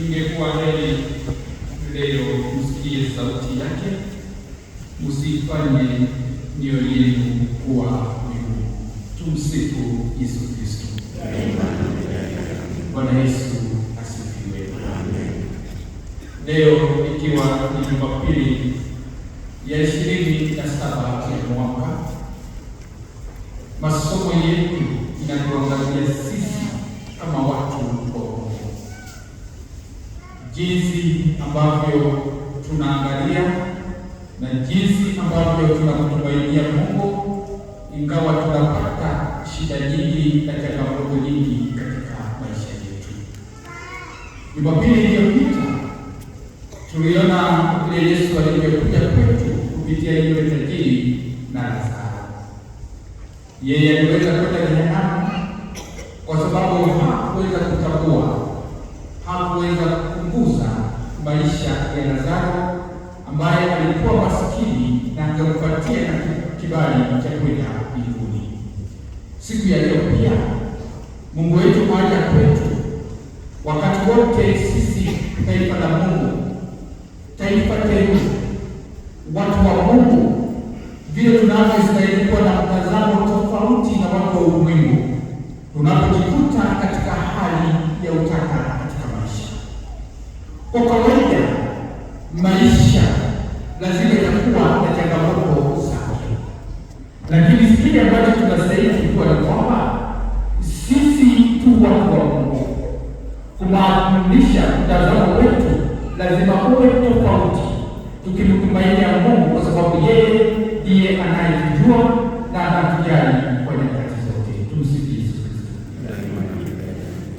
ingekuwa heri leo msikie sauti yake, msifanye mioyo yenu kuwa migumu. Tumsifu Yesu Kristo. Bwana Yesu asifiwe. Leo ikiwa ni Jumapili ya ishirini na saba ya mwaka, masomo yetu inatuangazia sisi kama watu jinsi ambavyo tunaangalia na jinsi ambavyo tunamtumainia Mungu, ingawa tunapata shida nyingi na changamoto nyingi katika maisha yetu. Jumapili iliyopita tuliona vile Yesu alivyokuja kwetu kupitia yule tajiri na Lazaro. Yeye aliweza kwenda jehanamu kwa sababu hakuweza kutambua sisi taifa la Mungu, taifa teule, watu wa Mungu, vile tunavyostahili kuwa na mtazamo tofauti na watu wa ulimwengu tunapojikuta katika hali ya utaka katika maisha. Kwa kawaida maisha mtazamo wetu lazima uwe tofauti, tukimtumainia Mungu kwa sababu yeye ndiye anayejua na anatujali kwa nyakati zote. Tumsifu Yesu Kristo.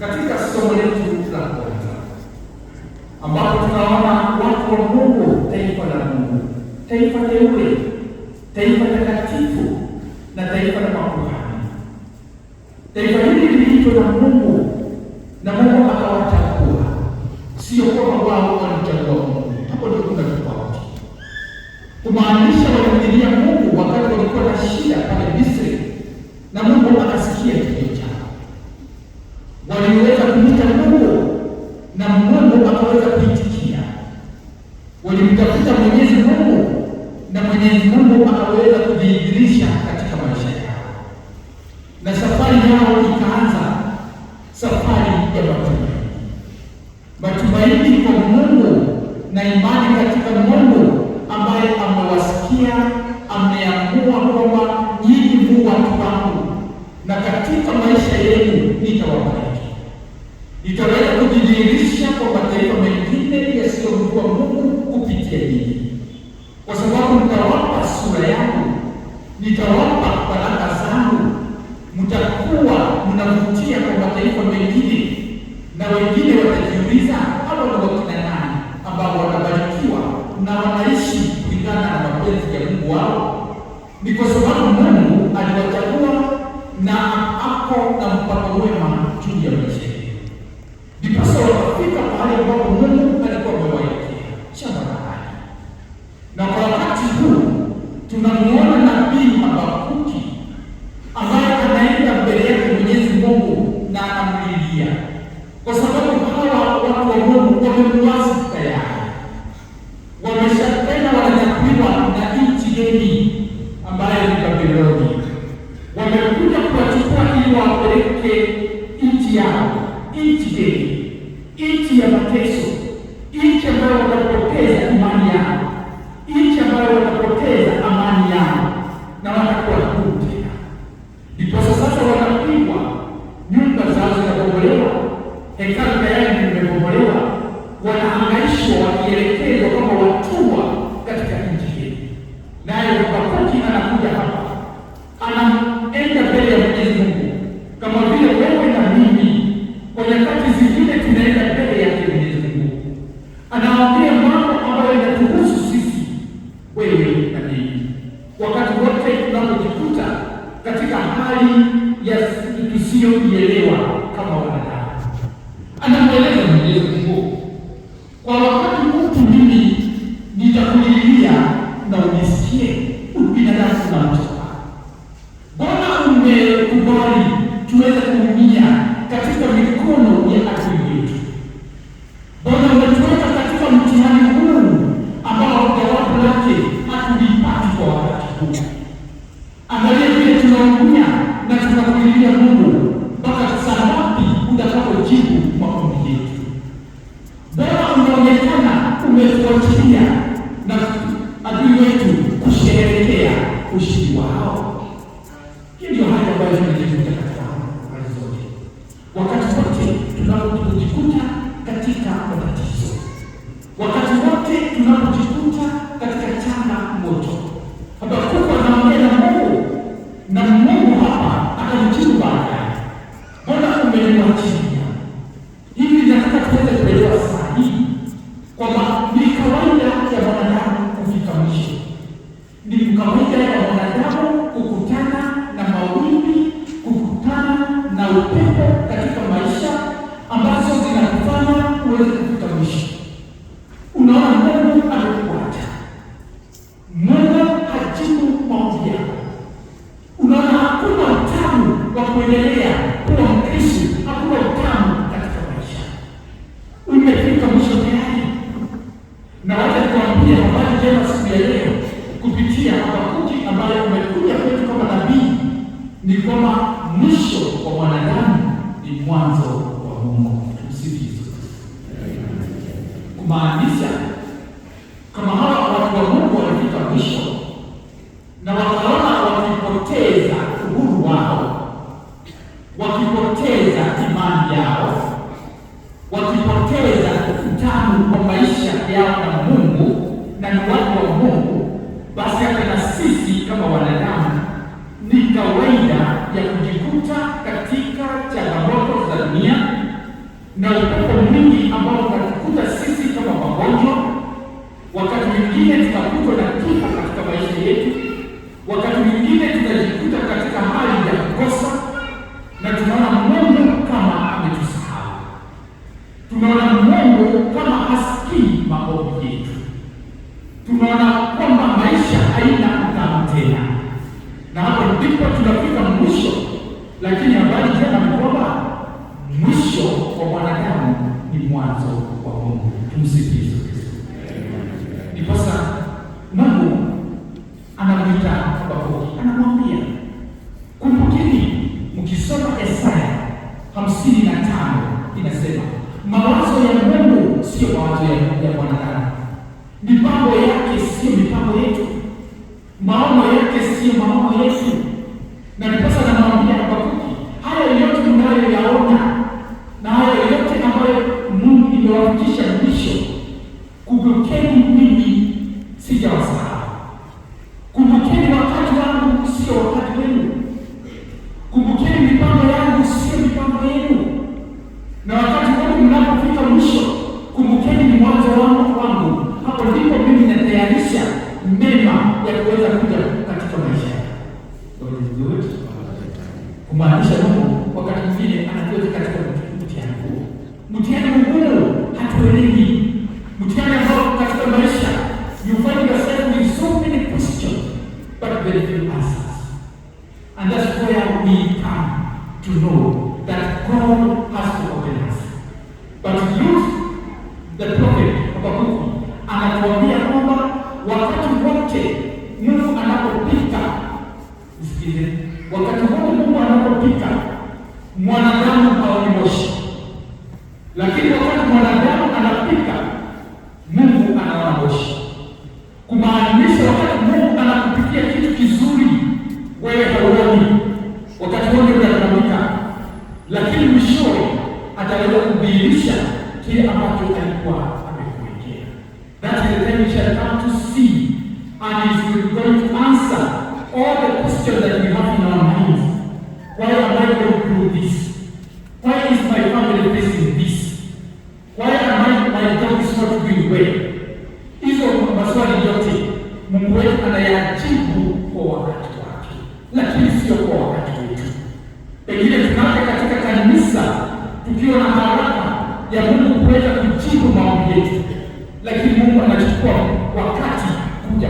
Katika somo letu la kwanza ambapo tunaona watu wa Mungu, taifa la Mungu, taifa teule, taifa takatifu na taifa la makuhani, taifa hili liliitwa na Mungu na Mungu akawata sio kwamba wao wanamchagua Mungu. Hapo ndio kuna tofauti, kumaanisha walimlilia Mungu wakati walikuwa na shida pale Misri, na Mungu akasikia kilio chao. Waliweza kumita Mungu na Mungu akaweza kuitikia. Walimtafuta Mwenyezi Mungu na Mwenyezi Mungu akaweza kudhihirisha kuwa mnavutia kwa mataifa mengine, na wengine watajiuliza hawa ni wakina nani ambao wanabarikiwa na wanaishi kulingana na mapenzi ya Mungu wao? ni kwa sababu ushindi wao. Hii ndio hali ambayo tunajivuta katika hali zote, wakati wote tunapojikuta katika matatizo, wakati wote tunapojikuta katika changa moto. Habakuku anaongea na Mungu na Mungu hapa anajibu baadaye, mbona umeniwachia hawezi kukutamisha. Unaona, Mungu anakufuata, Mungu hajibu maombi yako. Unaona, hakuna utamu wa kuendelea kuwa Mkristo, hakuna utamu katika maisha. Umefika mwisho tayari, na wacha kuambia habari njema siku ya leo kupitia Habakuki ambayo umekuja kwetu kama nabii ni kwamba mwisho wa mwanadamu ni mwanzo wa Mungu. não tunaona Mungu kama hasikii maombi yetu, tunaona siyo maono Yesu na kiposa namwambia mingi. Mtihani ambao katika maisha you find yourself with so many questions but very few answers, and that's where we come to know that God has forgiven us, but use the prophet Habakuku anatuambia kwamba wakati wote Mungu anapopita, msikize, wakati wote Mungu anapopita mwanadamu haoni moshi do this? Why is my family facing this? Why am I my job is not doing well? Hizo maswali yote Mungu wetu anayajibu kwa wakati wake, lakini sio kwa wakati wetu. Pengine tunaka katika kanisa tukiwa na haraka ya Mungu kuweza kujibu maombi yetu, lakini Mungu anachukua wakati kuja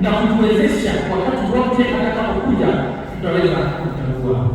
na kutuwezesha wakati wote atakapokuja tutaweza kutambua